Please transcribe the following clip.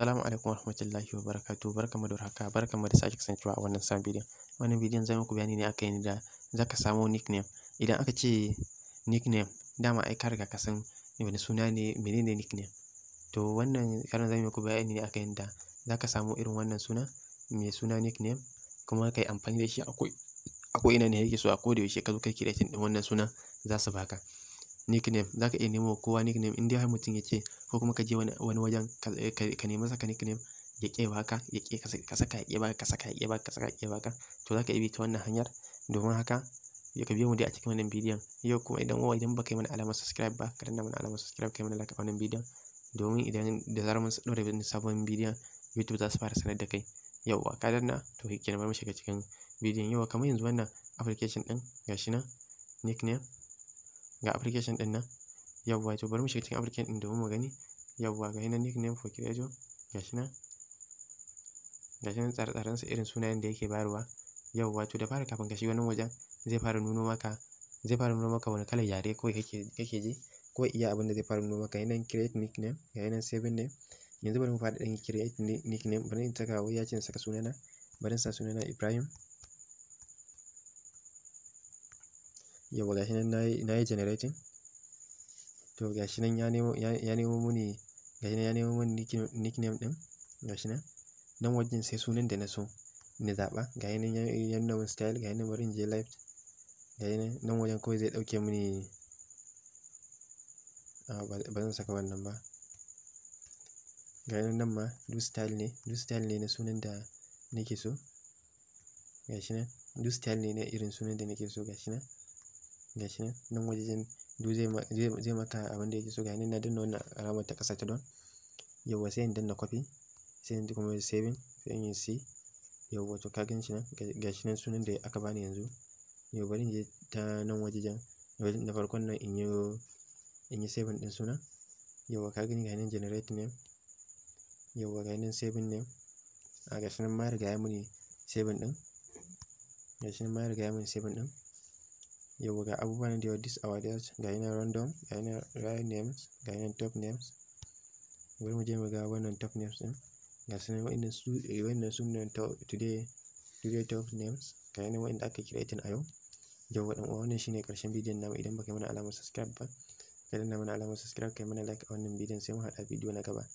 Assalamu alaikum warahmatullahi wabarakatuh. Barkamu da warhaka. Barkamu da sake kasancewa a wannan sabon bidiyon. Wannan bidiyon zan muku bayani ne akan yadda zaka samo nickname. Idan aka ce nickname, dama ai ka riga ka san wani suna ne, menene nickname. To wannan karan zan muku bayani ne akan yadda zaka samu irin wannan suna, mai suna nickname, kuma kai amfani da shi a ko ina ne kake so a ko da yaushe ka zo kai creating ɗin wannan sunan za su baka. nickname za ka iya nemo kowa nickname in dai har mutum ya ce ko kuma ka je wani wajen ka nemi saka nickname ya ƙi ba ka ya ƙi ka saka ya ƙi ba ka saka ya ƙi ba ka saka ya ƙi ba ka to za ka iya bi ta wannan hanyar domin haka ya ka biyo mu dai a cikin wannan bidiyon yau kuma idan wa idan baka yi mana alamar subscribe ba ka danna mana alamar subscribe kai mana like a wannan bidiyon domin idan da zarar mun wani sabon bidiyon YouTube za su fara sanar da kai yauwa ka danna to kenan bari mu shiga cikin bidiyon yauwa kamar yanzu wannan application ɗin gashi nan nickname ga application ɗin nan yawwa to bari mu shiga cikin application ɗin domin mu gani yawwa ga hinan nickname for creator ga shi nan ga shi nan tsare su irin sunayen da yake bayarwa yawwa to da fara kafin ka shiga nan wajen zai fara nuno maka zai fara nuno maka wani kalar yare kawai kake kake ji ko iya abin da zai fara nuno maka hinan create nickname ga hinan saving name yanzu bari mu fara ɗan create nickname bari in saka wai ya ce in saka sunana bari in sa sunana Ibrahim yabo gashi nan nayi nayi generating to gashi nan ya nemo muni mini gashi nan ya nemo mini nickname din gashi nan nan wajen sai sunan da na so na zaɓa gashi nan ya nuna min style gashi nan bari in je left gashi nan nan wajen kawai zai ɗauke mini ba zan saka wannan ba gashi nan ma duk style ne duk style ne na sunan da nake so gashi nan duk style ne na irin sunan da nake so gashi nan gashi nan nan waje zai duk zai zai maka abin da yake so gani na danna wannan alamar ta ƙasa ta don yawwa sai in danna copy sai in kuma saving sai in yi c yawwa to ka gan shi nan gashi nan sunan da aka bani yanzu yau bari in je ta nan wajejen na farkon nan in yi in yi saving din sunan yawwa ka gani ga nan generate name yawwa ga nan saving name a gashi nan ma riga ya muni saving din gashi nan ma riga ya muni saving din yau ga abubuwan da yawa dis our date ga yana random ga yana right names ga yana top names bari mu je mu ga wannan top names din ga sanar wa'annan su wa'annan su eh, ne today today top names ga yana wa'anda aka creating a yau yau wa uwa wannan shine karshen bidiyon namu idan baka yi mana alamar subscribe ba ka danna mana alamar subscribe kai mana like a wannan bidiyon sai mu haɗa bidiyo na gaba